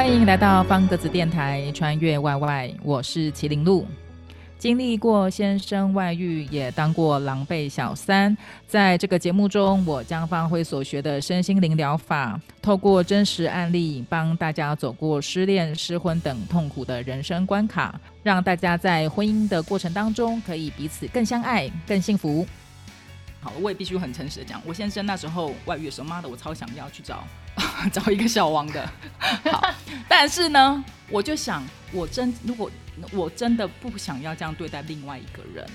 歡迎來到方格子電台，穿越外外。我是麒麟鹿，經歷過先生外遇，也當過狼狽小三。在這個節目中，我將發揮所學的身心靈療法，透過真實案例，幫大家走過失戀、失婚等痛苦的人生關卡，讓大家在婚姻的過程當中，可以彼此更相愛、更幸福。好，我也必須很誠實地講，我先生那時候外遇的時候，媽的，我超想要去找。 找一個小王的。 好，但是呢，我就想，我真如果我真的不想要這樣對待另外一個人，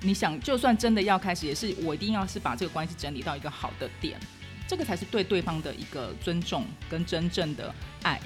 你想，就算真的要開始，也是我一定要是把這個關係整理到一個好的點，這個才是對對方的一個尊重跟真正的愛。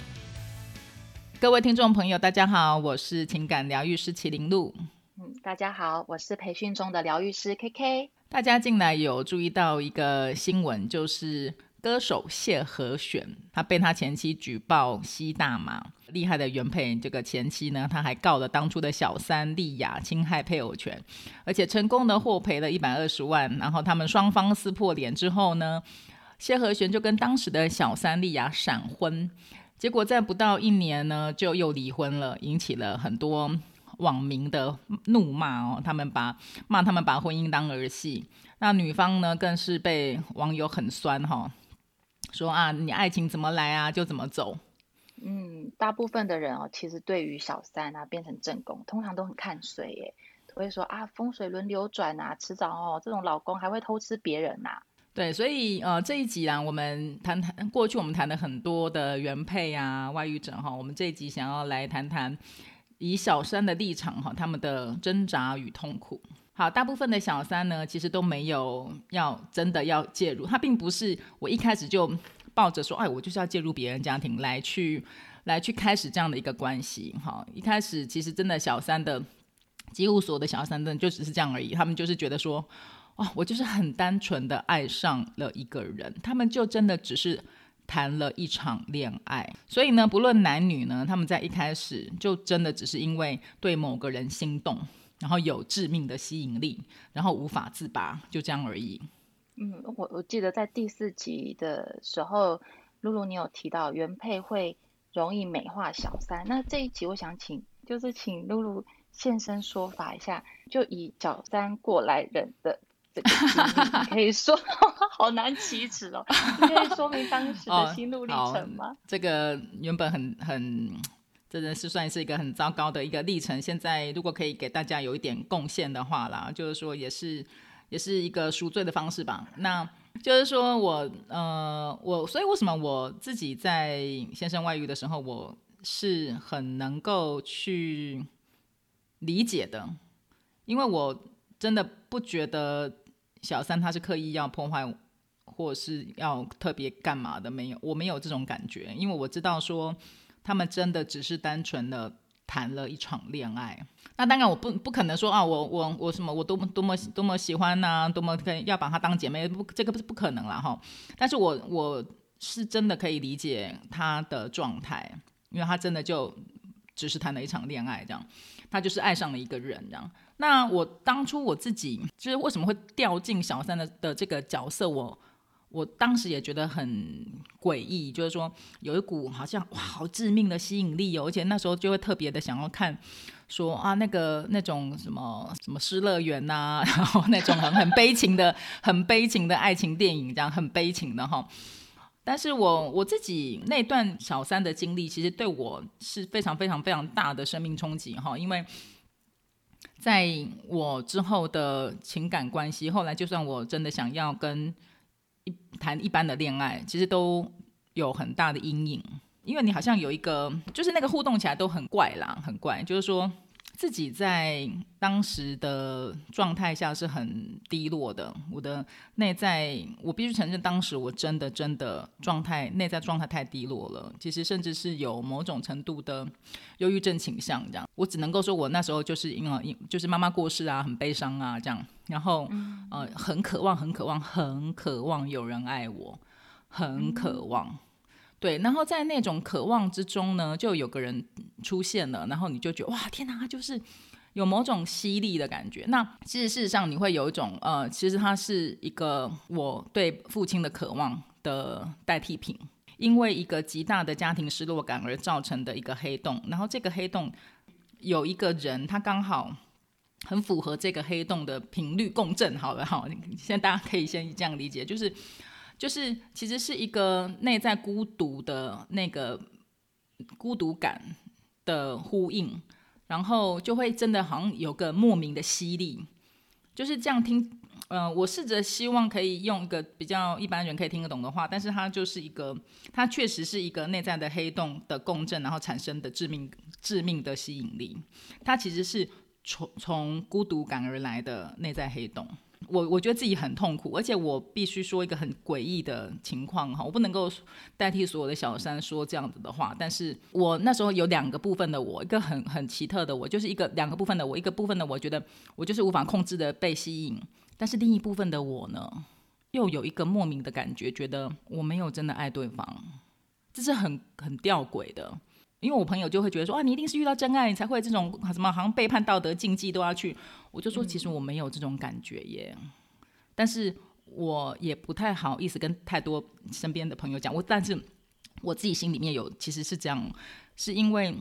各位聽眾朋友，大家好，我是情感療癒師麒麟鹿。嗯，大家好，我是培訓中的療癒師 KK。大家近來有注意到一個新聞，就是。歌手謝和弦，他被他前妻舉報吸大麻，厲害的原配這個前妻呢，他還告了當初的小三莉婭侵害配偶權，而且成功的獲賠了一百二十萬。然後他們雙方撕破臉之後呢，謝和弦就跟當時的小三莉婭閃婚，結果在不到一年呢就又離婚了，引起了很多網民的怒罵哦，他們把罵他們把婚姻當兒戲，那女方呢更是被網友狠酸哈、哦。說啊，你愛情怎麼來啊，就怎麼走。嗯，大部分的人哦，其實對於小三啊變成正宮，通常都很看衰耶，都會說啊風水輪流轉啊，遲早哦這種老公還會偷吃別人吶、啊。對，所以呃這一集啊，我們談談過去我們談了很多的原配啊外遇者哈、哦，我們這一集想要來談談以小三的立場哈、哦，他們的掙扎與痛苦。好，大部分的小三呢，其實都沒有要真的要介入。他並不是我一開始就抱着說，哎，我就是要介入別人家庭來去來去開始這樣的一個關係。哈，一開始其實真的小三的，幾乎所有的小三，就只是這樣而已。他們就是覺得說，哦，我就是很單純的愛上了一個人。他們就真的只是談了一場戀愛。所以呢，不論男女呢，他們在一開始就真的只是因為對某個人心動。然後有致命的吸引力，然後無法自拔，就這樣而已。嗯，我我記得在第四集的時候，露露你有提到原配會容易美化小三。那這一集我想請，就是請露露現身說法一下，就以小三過來人的這個，可以說， 好難啟齒哦。可以 說明當時的心路歷程嗎、哦？這個原本很很。這真是算是一個很糟糕的一個歷程。現在如果可以給大家有一點貢獻的話啦，就是說也是也是一個贖罪的方式吧。那就是說，我呃我所以為什麼我自己在先生外遇的時候，我是很能夠去理解的，因為我真的不覺得小三他是刻意要破壞或是要特別幹嘛的，沒有，我沒有這種感覺，因為我知道說。他們真的只是單純的談了一場戀愛，那當然我不不可能說啊，我我我什麼我多麼多麼多麼喜歡吶、啊，多麼可以要把她當姐妹，不這個不是不可能啦。哈。但是我我是真的可以理解她的狀態，因為她真的就只是談了一場戀愛這樣，她就是愛上了一個人這樣。那我當初我自己就是為什麼會掉進小三的的這個角色、哦，我。我當時也覺得很詭異，就是說有一股好像哇好致命的吸引力哦，而且那時候就會特別的想要看說，說啊那個那種什麼什麼失樂園吶、啊，然後那種很很悲情的 很悲情的愛情電影，這樣很悲情的哈、哦。但是我我自己那段小三的經歷，其實對我是非常非常非常大的生命衝擊哈、哦，因為在我之後的情感關係，後來就算我真的想要跟。一談一般的戀愛，其實都有很大的陰影，因為你好像有一個，就是那個互動起來都很怪啦，很怪，就是說。自己在當時的狀態下是很低落的，我的內在，我必須承認，當時我真的真的狀態，內在狀態太低落了。其實甚至是有某種程度的憂鬱症傾向，這樣。我只能夠說我那時候就是因為就是媽媽過世啊，很悲傷啊，這樣。然後、嗯、呃，很渴望，很渴望，很渴望有人愛我，很渴望。嗯、對，然後在那種渴望之中呢，就有個人。出現了，然後你就覺得哇，天吶，他就是有某種犀利的感覺。那其實事實上，你會有一種呃，其實他是一個我對父親的渴望的代替品，因為一個極大的家庭失落感而造成的一個黑洞。然後這個黑洞有一個人，他剛好很符合這個黑洞的頻率共振，好了，好，現在大家可以先這樣理解，就是就是其實是一個內在孤獨的那個孤獨感。的呼應，然後就會真的好像有個莫名的吸力，就是這樣聽。嗯、呃，我試着希望可以用一個比較一般人可以聽得懂的話，但是它就是一個，它確實是一個內在的黑洞的共振，然後產生的致命、致命的吸引力。它其實是從從孤獨感而來的內在黑洞。我我覺得自己很痛苦，而且我必須說一個很詭異的情況哈，我不能夠代替所有的小三說這樣子的話，但是我那時候有兩個部分的我，一個很很奇特的我，就是一個兩個部分的我，一個部分的我覺得我就是無法控制的被吸引，但是另一部分的我呢，又有一個莫名的感覺，覺得我沒有真的愛對方，這是很很吊詭的。因為我朋友就會覺得說，啊，你一定是遇到真愛，你才會這種什麼好像背叛道德禁忌都要去。我就說其實我沒有這種感覺耶，但是我也不太好意思跟太多身邊的朋友講。我但是我自己心裡面有其實是這樣，是因為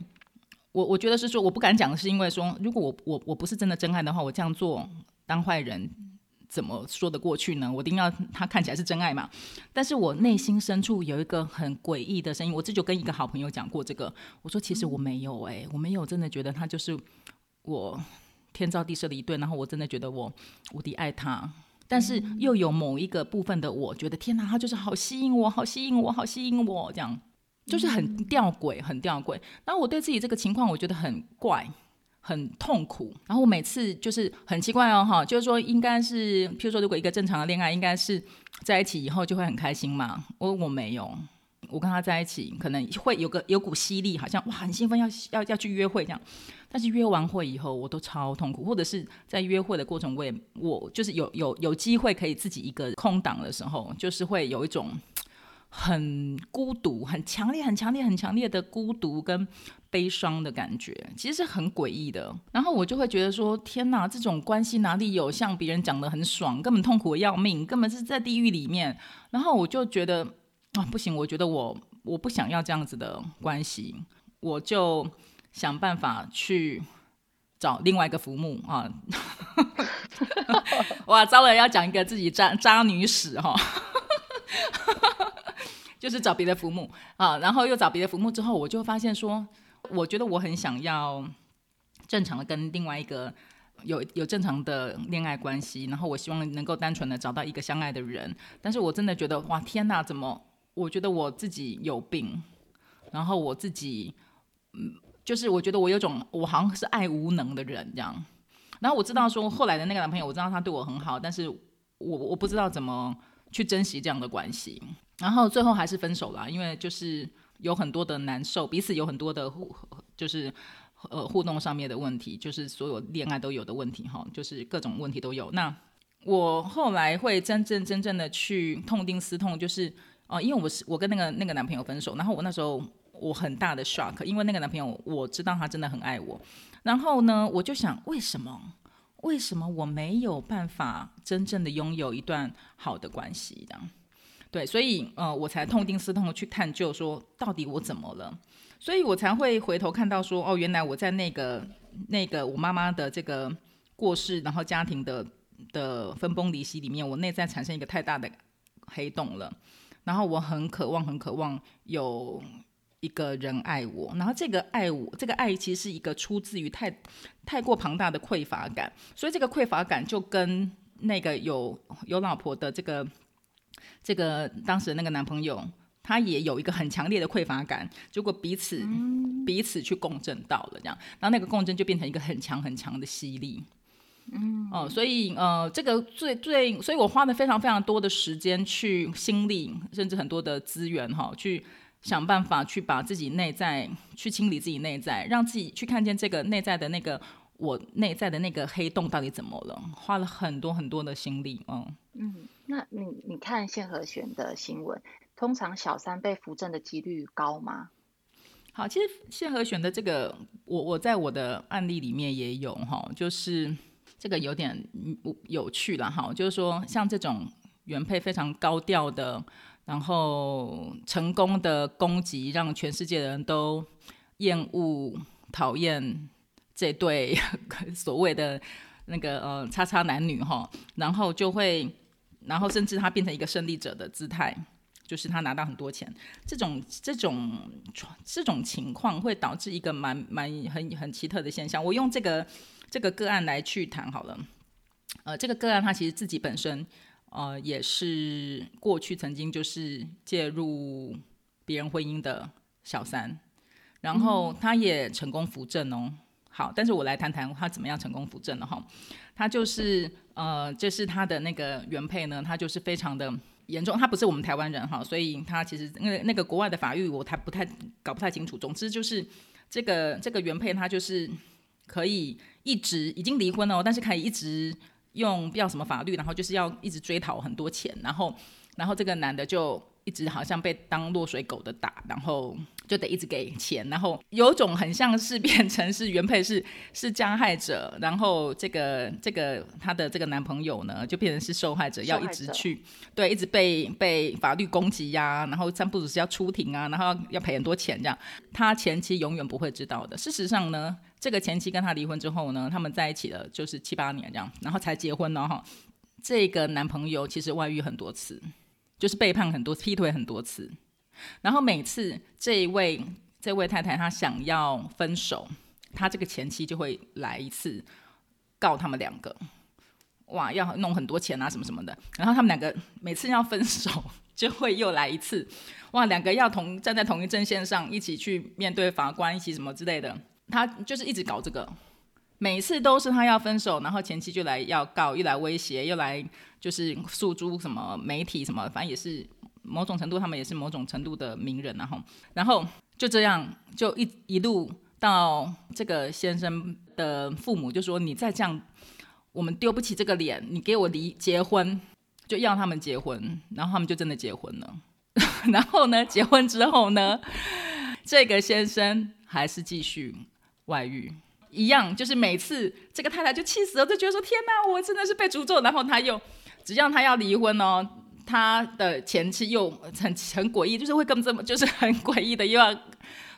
我我覺得是說，我不敢講，是因為說如果我我我不是真的真愛的話，我這樣做當壞人，怎麼說得過去呢？我一定要他看起來是真愛嘛。但是我內心深處有一個很詭異的聲音，我這就跟一個好朋友講過這個，我說其實我沒有哎、欸，我沒有真的覺得他就是我天造地設的一對，然後我真的覺得我無敵愛他，但是又有某一個部分的我覺得天哪，他就是好吸引我，好吸引我，好吸引我，這樣就是很吊詭，很吊詭。然後我對自己這個情況，我覺得很怪。很痛苦，然後每次就是很奇怪哦，哈，就是說應該是，譬如說，如果一個正常的戀愛，應該是在一起以後就會很開心嘛。我我沒有，我跟他在一起可能會有個有股吸力，好像哇很興奮，要要要去約會這樣，但是約完會以後我都超痛苦，或者是在約會的過程，我也我就是有有有機會可以自己一個空檔的時候，就是會有一種。很孤獨，很強烈，很強烈，很強烈的孤獨跟悲傷的感覺，其實是很詭異的。然後我就會覺得說：“天哪，這種關係哪裡有像別人講得很爽，根本痛苦要命，根本是在地獄裡面。”然後我就覺得啊，不行，我覺得我我不想要這樣子的關係，我就想辦法去找另外一個浮木啊。 哇，糟了要講一個自己渣渣女史哈。啊 就是找別的父母啊，然後又找別的父母之後，我就發現說，我覺得我很想要正常的跟另外一個有有正常的戀愛關係，然後我希望能夠單純的找到一個相愛的人。但是我真的覺得，哇，天哪，怎麼？我覺得我自己有病，然後我自己，嗯，就是我覺得我有種，我好像是愛無能的人這樣。然後我知道說後來的那個男朋友，我知道他對我很好，但是我我不知道怎麼。去珍惜這樣的關係，然後最後還是分手了，因為就是有很多的難受，彼此有很多的互、呃，就是呃互動上面的問題，就是所有戀愛都有的問題哈、哦，就是各種問題都有。那我後來會真正真正的去痛定思痛，就是啊、呃，因為我是我跟那個那個男朋友分手，然後我那時候我很大的 shock，因為那個男朋友我知道他真的很愛我，然後呢，我就想為什麼？為什麼我沒有辦法真正的擁有一段好的關係？這樣對，所以呃，我才痛定思痛的去探究說，到底我怎麼了？所以我才會回頭看到說，哦，原來我在那個那個我媽媽的這個過世，然後家庭的的分崩離析裡面，我內在產生一個太大的黑洞了，然後我很渴望，很渴望有。一個人愛我，然後這個愛我，這個愛其實是一個出自於太太過龐大的匱乏感，所以這個匱乏感就跟那個有有老婆的這個這個當時那個男朋友，他也有一個很強烈的匱乏感，如果彼此、嗯、彼此去共振到了這樣，然後那個共振就變成一個很強很強的吸力，嗯，哦，所以呃，這個最最，所以我花了非常非常多的時間去心力，甚至很多的資源哈、哦、去。想辦法去把自己內在去清理自己內在，讓自己去看見這個內在的那個我內在的那個黑洞到底怎麼了，花了很多很多的心力。嗯嗯，那你你看謝和弦的新聞，通常小三被扶正的幾率高嗎？好，其實謝和弦的這個，我我在我的案例裡面也有哈，就是這個有點有趣了哈，就是說像這種原配非常高調的。然後成功的攻擊讓全世界的人都厭惡、討厭這對所謂的那個呃叉叉男女哈，然後就會，然後甚至他變成一個勝利者的姿態，就是他拿到很多錢。這種這種這種情況會導致一個蠻蠻，蠻很很奇特的現象。我用這個這個個案來去談好了，呃，這個個案它其實自己本身。呃，也是過去曾經就是介入別人婚姻的小三，然後他也成功扶正哦。嗯、好，但是我來談談他怎麼樣成功扶正的哈。他就是呃，這、就是他的那個原配呢，他就是非常的嚴重。他不是我們台灣人哈，所以他其實那那個國外的法律我還不太搞不太清楚。總之就是這個這個原配他就是可以一直已經離婚了哦，但是可以一直。用不要什麼法律，然後就是要一直追討很多錢，然後。然後這個男的就一直好像被當落水狗的打，然後就得一直給錢，然後有種很像是變成是原配是是加害者，然後這個這個他的這個男朋友呢就變成是受害者，要一直去對一直被被法律攻擊呀、啊，然後甚至不只是要出庭啊，然後要賠很多錢這樣。他前妻永遠不會知道的。事實上呢，這個前妻跟他離婚之後呢，他們在一起了，就是七八年這樣，然後才結婚的哈。這個男朋友其實外遇很多次。就是背叛很多，劈腿很多次，然後每次這一位這位太太她，想要分手，她這個前妻就會來一次告他們兩個，哇，要弄很多錢啊什麼什麼的。然後他們兩個每次要分手，就會又來一次，哇，兩個要同站在同一陣線上，一起去面對法官，一起什麼之類的。他就是一直搞這個。每次都是他要分手，然後前妻就來要告，又來威脅，又來就是訴諸什麼媒體什麼，反正也是某種程度，他們也是某種程度的名人啊。然後，然後就這樣，就一一路到這個先生的父母就說：“你再這樣，我們丟不起這個臉，你給我離結婚，就要他們結婚。”然後他們就真的結婚了。 然後呢，結婚之後呢，這個先生還是繼續外遇。一樣，就是每次這個太太就氣死了，就覺得說天吶，我真的是被詛咒。然後他又只要他要離婚哦，他的前妻又很很詭異，就是會跟這麼就是很詭異的又要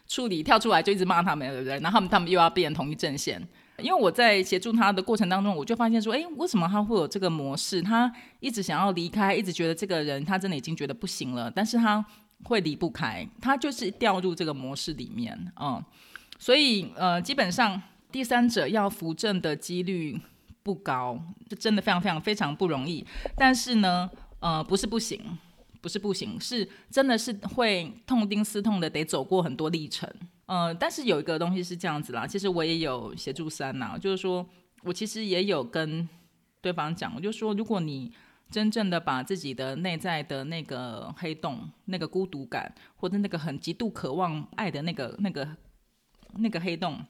處理跳出來就一直罵他們，對不對？然後他們，他們又要變同一陣線。因為我在協助他的過程當中，我就發現說，哎，為什麼他會有這個模式？他一直想要離開，一直覺得這個人他真的已經覺得不行了，但是他會離不開，他就是掉入這個模式裡面，嗯，所以呃，基本上。第三者要扶正的幾率不高，就真的非常非常非常不容易。但是呢，呃，不是不行，不是不行，是真的是會痛定思痛的，得走過很多歷程。呃，但是有一個東西是這樣子啦，其實我也有協助三吶，就是說我其實也有跟對方講，我就說，如果你真正的把自己的內在的那個黑洞、那個孤獨感，或者那個很極度渴望愛的那個、那個、那個黑洞。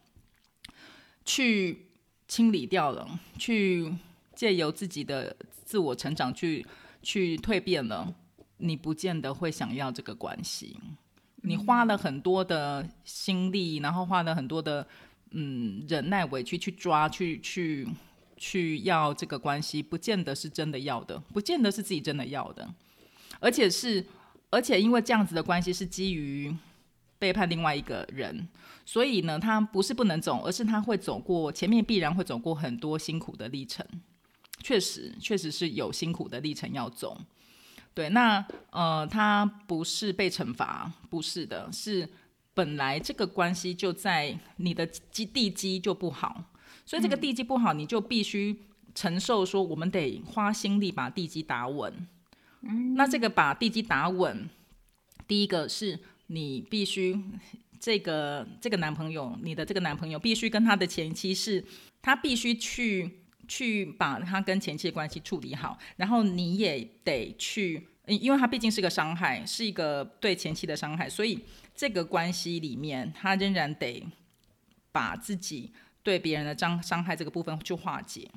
去清理掉了，去借由自己的自我成長去去蛻變了，你不見得會想要這個關係。你花了很多的心力，然後花了很多的嗯忍耐、委屈去抓去去去要這個關係，不見得是真的要的，不見得是自己真的要的，而且是而且因為這樣子的關係是基於。背叛另外一個人，所以呢，他不是不能走，而是他會走過前面必然會走過很多辛苦的歷程。確實，確實是有辛苦的歷程要走。對，那呃，他不是被懲罰，不是的，是本來這個關係就在你的地基就不好，所以這個地基不好，你就必須承受說，我們得花心力把地基打穩。嗯，那這個把地基打穩，第一個是。你必須這個這個男朋友，你的這個男朋友必須跟他的前妻是，他必須去去把他跟前妻的關係處理好，然後你也得去，因為他畢竟是個傷害，是一個對前妻的傷害，所以這個關係裡面，他仍然得把自己對別人的傷傷害這個部分去化解，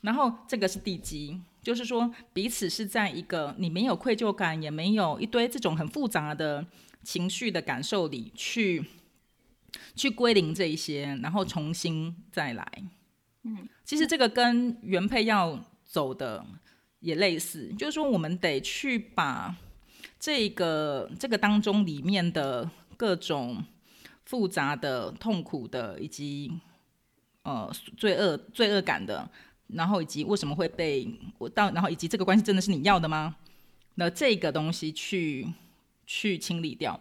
然後這個是地基，就是說彼此是在一個你沒有愧疚感，也沒有一堆這種很複雜的。情緒的感受裡去，去歸零這一些，然後重新再來。嗯，其實這個跟原配要走的也類似，就是說我們得去把這個這個當中裡面的各種複雜的、痛苦的，以及呃罪惡、罪惡感的，然後以及為什麼會被我到，然後以及這個關係真的是你要的嗎？那這個東西去。去清理掉，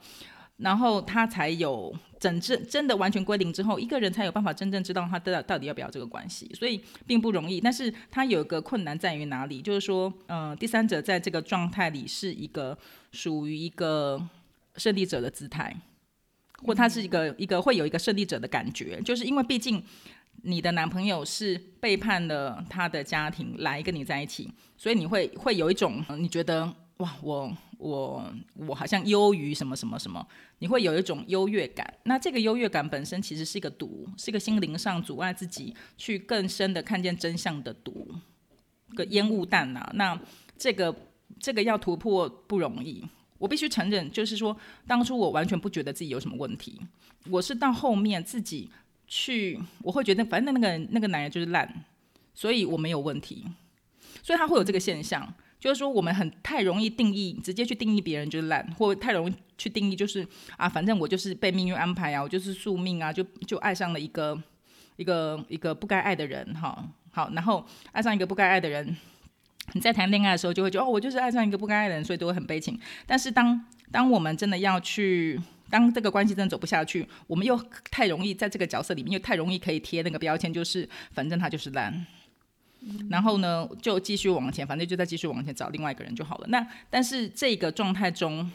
然後他才有整治。真的完全歸零之後，一個人才有辦法真正知道他到到底要不要這個關係，所以並不容易。但是他有一個困難在於哪裡，就是說，呃，第三者在這個狀態裡是一個屬於一個勝利者的姿態，或他是一個一個會有一個勝利者的感覺，就是因為畢竟你的男朋友是背叛了他的家庭來跟你在一起，所以你會會有一種，呃，你覺得哇我。我我好像優於什麼什麼什麼，你會有一種優越感。那這個優越感本身其實是一個毒，是一個心靈上阻礙自己去更深的看見真相的毒，一個煙霧彈吶，那這個這個要突破不容易。我必須承認，就是說當初我完全不覺得自己有什麼問題。我是到後面自己去，我會覺得反正那個那個男人就是爛，所以我沒有問題，所以他會有這個現象。就是說，我們很太容易定義，直接去定義別人就是爛，或太容易去定義，就是啊，反正我就是被命運安排啊，我就是宿命啊，就就愛上了一個一個一個不該愛的人哈、哦。好，然後愛上一個不該愛的人，你在談戀愛的時候就會覺得哦，我就是愛上一個不該愛的人，所以都會很悲情。但是當當我們真的要去，當這個關係真的走不下去，我們又太容易在這個角色裡面，又太容易可以貼那個標籤，就是反正他就是爛。然後呢，就繼續往前，反正就再繼續往前找另外一個人就好了。那但是這個狀態中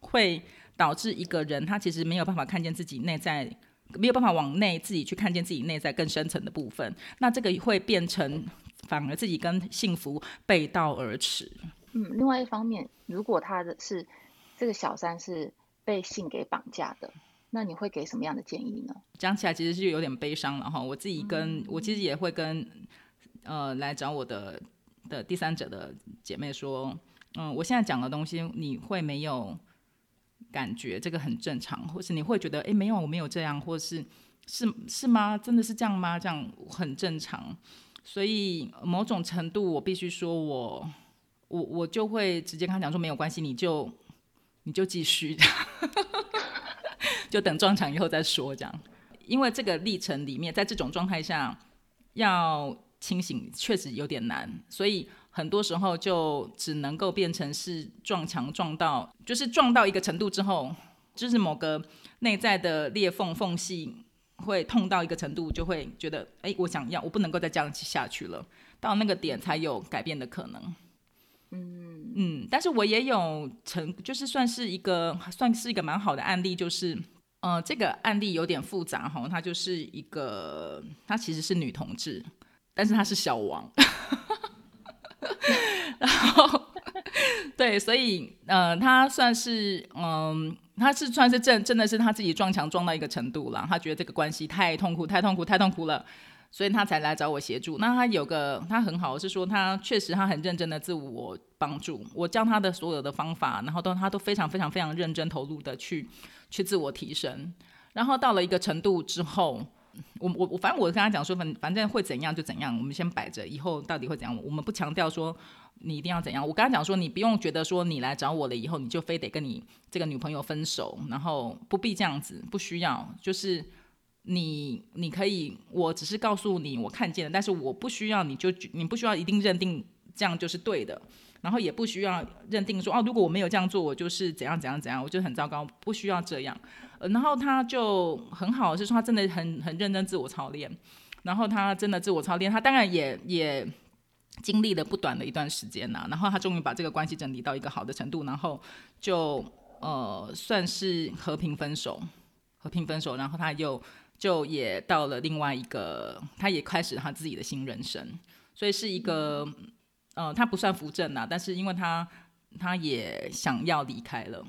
會導致一個人他其實沒有辦法看見自己內在，沒有辦法往內自己去看見自己內在更深層的部分。那這個會變成反而自己跟幸福背道而馳。嗯，另外一方面，如果他是這個小三是被性給綁架的，那你會給什麼樣的建議呢？講起來其實是有點悲傷了哈。我自己跟、嗯、我其實也會跟。呃，來找我的的第三者的姐妹說，嗯，我現在講的東西你會沒有感覺，這個很正常，或是你會覺得，哎，沒有，我沒有這樣，或是是是嗎？真的是這樣嗎？這樣很正常。所以某種程度，我必須說我我我就會直接跟他講說，沒有關係，你就你就繼續， 就等撞牆以後再說，這樣。因為這個歷程裡面，在這種狀態下要。清醒確實有點難，所以很多時候就只能夠變成是撞牆撞到，就是撞到一個程度之後，就是某個內在的裂縫縫隙會痛到一個程度，就會覺得哎，我想要，我不能夠再這樣下去了。到那個點才有改變的可能。嗯嗯，但是我也有成，就是算是一個算是一個蠻好的案例，就是呃，這個案例有點複雜哈，他，哦，就是一個，他其實是女同志。但是他是小王， 然後對，所以嗯、呃，他算是嗯、呃，他是算是真真的是他自己撞牆撞到一個程度了，他覺得這個關係太痛苦、太痛苦、太痛苦了，所以他才來找我協助。那他有個他很好是說，他確實他很認真的自我幫助，我教他的所有的方法，然後都他都非常非常非常認真投入的去去自我提升，然後到了一個程度之後。我我我，反正我跟他講說，反正會怎樣就怎樣，我們先擺着，以後到底會怎樣，我們不強調說你一定要怎樣。我跟他講說，你不用覺得說你來找我了以後，你就非得跟你這個女朋友分手，然後不必這樣子，不需要，就是你你可以，我只是告訴你我看見了，但是我不需要你就你不需要一定認定這樣就是對的，然後也不需要認定說哦、啊，如果我沒有這樣做，我就是怎樣怎樣怎樣，我就很糟糕，不需要這樣。然後他就很好，就是說他真的很很認真自我操練，然後他真的自我操練，他當然也也經歷了不短的一段時間吶、啊，然後他終於把這個關係整理到一個好的程度，然後就呃算是和平分手，和平分手，然後他又就也到了另外一個，他也開始他自己的新人生，所以是一個呃他不算扶正啦、啊，但是因為他他也想要離開了。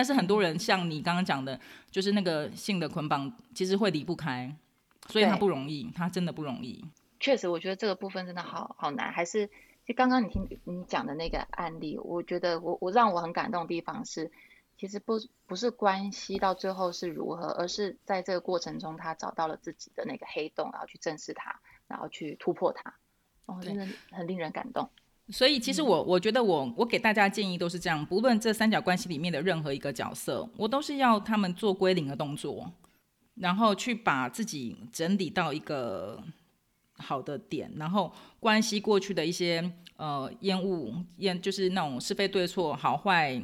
但是很多人像你剛剛講的，就是那個性的捆綁，其實會離不開，所以他不容易，他對真的不容易。確實，我覺得這個部分真的好好難。還是就剛剛你聽你講的那個案例，我覺得我我讓我很感動的地方是，其實不不是關係到最後是如何，而是在這個過程中，他找到了自己的那個黑洞，然後去正視它，然後去突破它，哦，真的很令人感動。所以，其實我我覺得我我給大家建議都是這樣，不論這三角關係裡面的任何一個角色，我都是要他們做歸零的動作，然後去把自己整理到一個好的點，然後關係過去的一些呃煙霧煙，就是那種是非對錯好壞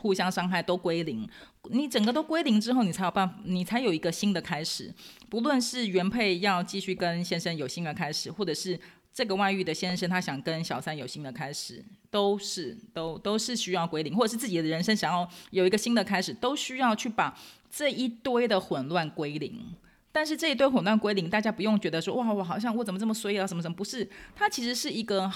互相傷害都歸零，你整個都歸零之後，你才有辦，你才有一個新的開始。不論是原配要繼續跟先生有新的開始，或者是。這個外遇的先生，他想跟小三有新的開始，都是都都是需要歸零，或者是自己的人生想要有一個新的開始，都需要去把這一堆的混亂歸零。但是這一堆混亂歸零，大家不用覺得說哇，我好像我怎麼這麼衰啊，什麼什麼？不是，它其實是一個，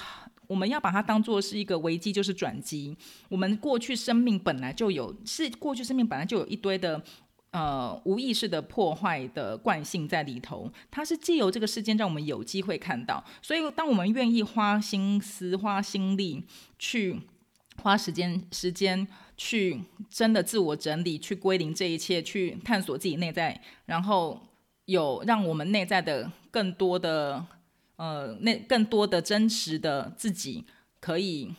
我們要把它當做是一個危機，就是轉機。我們過去生命本來就有，是過去生命本來就有一堆的。呃，無意識的破壞的慣性在裡頭，它是借由這個事件讓我們有機會看到。所以，當我們願意花心思、花心力去花時間、時間去真的自我整理、去歸零這一切，去探索自己內在，然後有讓我們內在的更多的呃，那更多的真實的自己可以。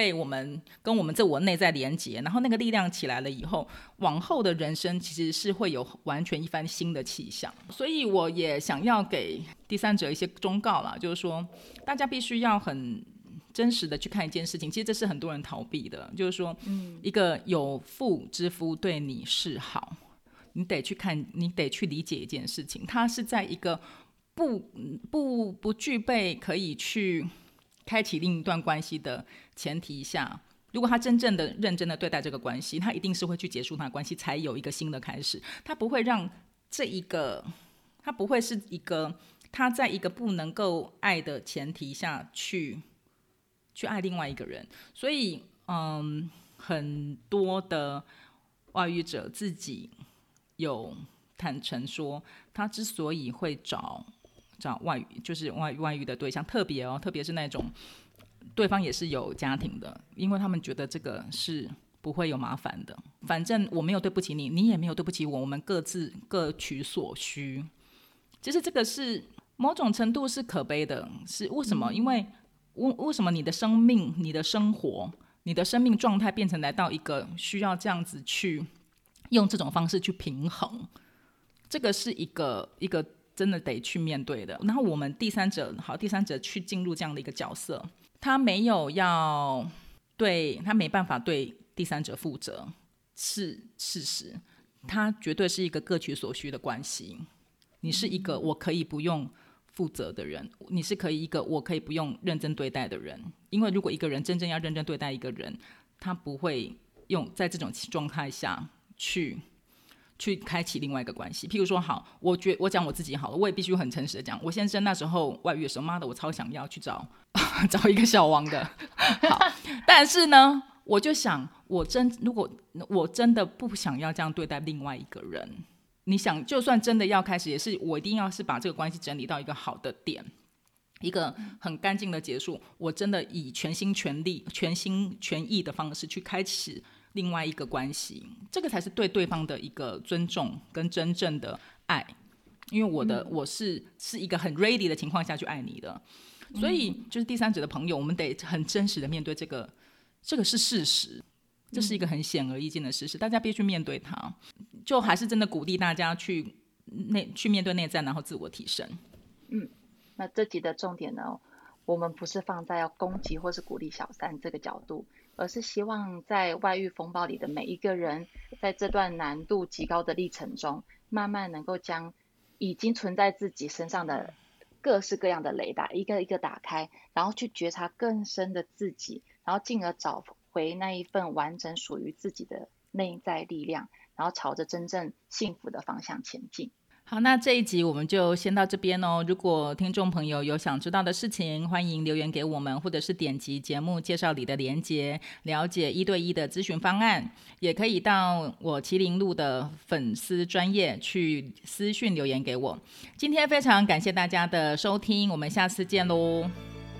被我們跟我們自我內在連接，然後那個力量起來了以後，往後的人生其實是會有完全一番新的氣象。所以我也想要給第三者一些忠告啦，就是說，大家必須要很真實的去看一件事情。其實這是很多人逃避的，就是說，嗯，一個有婦之夫對你示好，你得去看，你得去理解一件事情，他是在一個不不不具備可以去。開啟另一段關係的前提下，如果他真正的、認真的對待這個關係，他一定是會去結束那關係，才有一個新的開始。他不會讓這一個，他不會是一個，他在一個不能夠愛的前提下去去愛另外一個人。所以，嗯，很多的外遇者自己有坦承說，他之所以會找。找外遇，就是外外遇的對象特別哦，特別是那種對方也是有家庭的，因為他們覺得這個是不會有麻煩的。反正我沒有對不起你，你也沒有對不起我，我們各自各取所需。其實這個是某種程度是可悲的，是為什麼？嗯、因為為為什麼你的生命、你的生活、你的生命狀態變成來到一個需要這樣子去用這種方式去平衡？這個是一個一個。真的得去面對的。然後我們第三者，好，第三者去進入這樣的一個角色，他沒有要對，對他沒辦法對第三者負責，是事實。他絕對是一個各取所需的關係。你是一個我可以不用負責的人，你是可以一個我可以不用認真對待的人。因為如果一個人真正要認真對待一個人，他不會用在這種狀態下去。去開啟另外一個關係，譬如說，好，我覺得我講我自己好了，我也必須很誠實的講，我先生那時候外遇的時候，媽的，我超想要去找呵呵找一個小王的。好，但是呢，我就想，我真如果我真的不想要這樣對待另外一個人，你想，就算真的要開始，也是我一定要是把這個關係整理到一個好的點，一個很乾淨的結束。我真的以全心全力、全心全意的方式去開啟另外一個關係，這個才是對對方的一個尊重跟真正的愛，因為我的、嗯、我是是一個很 ready 的情況下去愛你的，嗯、所以就是第三者的朋友，我們得很真實的面對這個，這個是事實，這是一個很顯而易見的事實，嗯、大家別去面對它，就還是真的鼓勵大家去內去面對內在，然後自我提升。嗯，那這集的重點呢，我們不是放在要攻擊或是鼓勵小三這個角度。而是希望在外遇風暴裡的每一個人，在這段難度極高的歷程中，慢慢能夠將已經存在自己身上的各式各樣的雷達一個一個打開，然後去覺察更深的自己，然後進而找回那一份完整屬於自己的內在力量，然後朝着真正幸福的方向前進。好，那這一集我們就先到這邊哦。如果聽眾朋友有想知道的事情，歡迎留言給我們，或者是點擊節目介紹裡的連結，了解一對一的諮詢方案，也可以到我麒麟鹿的粉絲專頁去私訊留言給我。今天非常感謝大家的收聽，我們下次見嘍。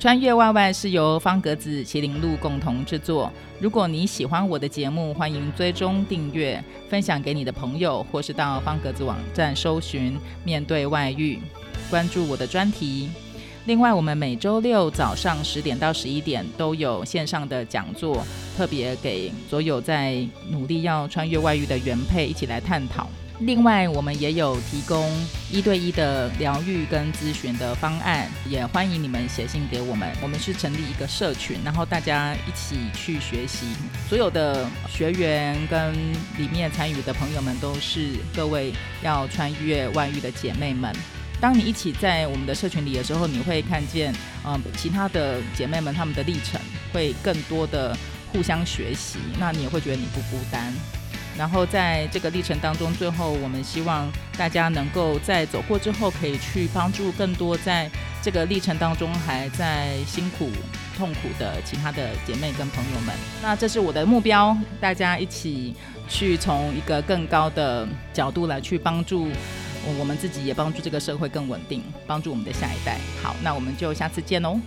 穿越外外，是由方格子、麒麟鹿共同製作。如果你喜歡我的節目，歡迎追蹤訂閱、分享給你的朋友，或是到方格子網站搜尋“面對外遇”，關注我的專題。另外，我們每周六早上十點到十一點都有線上的講座，特別給所有在努力要穿越外遇的原配一起來探討。另外，我們也有提供一對一的療癒跟諮詢的方案，也歡迎你們寫信給我們。我們是成立一個社群，然後大家一起去學習。所有的學員跟裡面參與的朋友們都是各位要穿越外遇的姐妹們。當你一起在我們的社群裡的時候，你會看見，嗯，其他的姐妹們她們的歷程，會更多的互相學習，那你也會覺得你不孤單。然後在這個歷程當中，最後我們希望大家能夠在走過之後，可以去幫助更多在這個歷程當中還在辛苦、痛苦的其他的姐妹跟朋友們。那這是我的目標，大家一起去從一個更高的角度來去幫助我們自己，也幫助這個社會更穩定，幫助我們的下一代。好，那我們就下次見嘍。